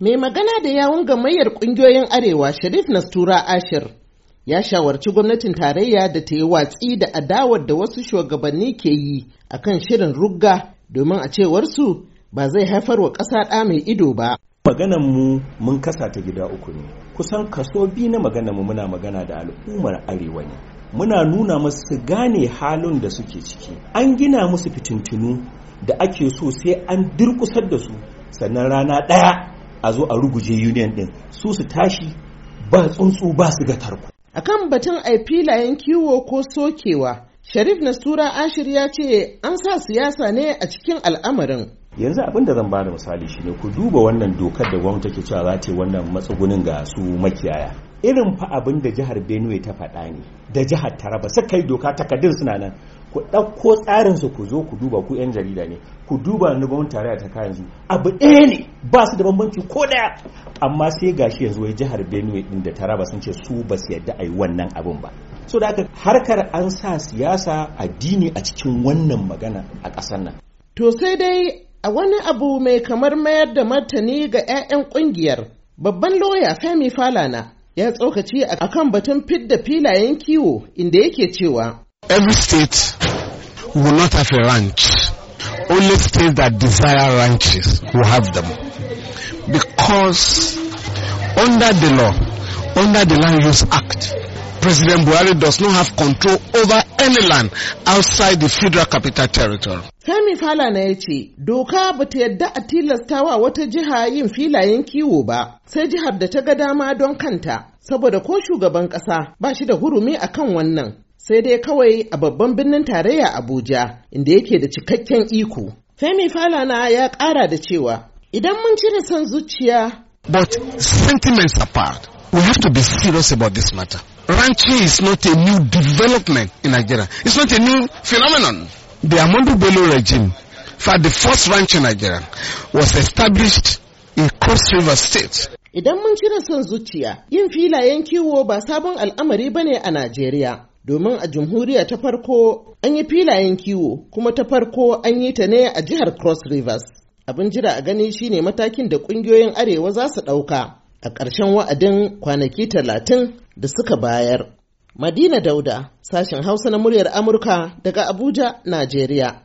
Mai magana da yawun gamayyar kungiyoyin Arewa Sharif Nastura Ashir ya shawarci gwamnatin tarayya da ta yi watsi da adawar da wasu shugabanni ke yi a kan shirin rugga domin a cewarsu ba zai haifar wa ƙasa ɗa mai ido ba. Maganan mu mun kasa ta gida uku ne. Kusan kaso biyu na maganan mu muna magana da al'ummar Arewa ne. Muna nuna masu gane halin da suke ciki. An gina musu fitintinu da ake so sai an durkusar da su sannan rana ɗaya a zo a ruguje union din su su tashi ba tsuntsu ba su ga tarko akan batun a filayen kiwo ko sokewa sharif nasura ashir ya ce an sa siyasa ne a cikin al'amarin yanzu abin da zan bada misali shi ne ku duba wannan dokar da gwamnati take cewa za ta wannan matsugunin ga su makiyaya irin fa abin da jihar benue ta faɗa ne da jihar taraba suka yi doka takardun suna nan ku ɗauko tsarinsu ku zo ku duba ku 'yan jarida ne ku duba na gwamnatin tarayya ta kayan zu abu ɗaya ne ba su da bambanci ko ɗaya amma sai gashi yanzu wai jihar benue din da taraba sun ce su ba su yadda a yi wannan abin ba so da harkar an sa siyasa addini a cikin wannan magana a ƙasar nan to sai dai a wani abu mai kamar mayar da martani ga 'ya'yan ƙungiyar babban lauya femi falana ya tsokaci akan batun fidda filayen kiwo inda yake cewa every state will not have a ranch. Only states that desire ranches will have them. Because under the law, under the Land Use Act, President Buhari does not have control over any land outside the federal capital territory. Sami Fala na ya ce, doka ba ta yadda a tilastawa wata jiha yin filayen kiwo ba, sai jihar da ta ga dama don kanta, saboda ko shugaban ƙasa ba shi da hurumi akan wannan. sai dai kawai a babban birnin tarayya Abuja inda yake da cikakken iko. Femi Falana ya ƙara da cewa idan mun cire son zuciya. But sentiments apart, we have to be serious about this matter. Ranching is not a new development in Nigeria. It's not a new phenomenon. The Amadu Bello regime, for the first ranch in Nigeria, was established in Cross River State. Idan mun cire son zuciya, yin filayen kiwo ba sabon al'amari bane a Najeriya. domin a jamhuriya ta farko an yi filayen kiwo kuma ta farko an yi ta ne a jihar cross rivers abin jira a gani shine matakin da kungiyoyin arewa za su ɗauka a ƙarshen wa'adin kwanaki talatin da suka bayar madina dauda sashen hausa na muryar amurka daga abuja najeriya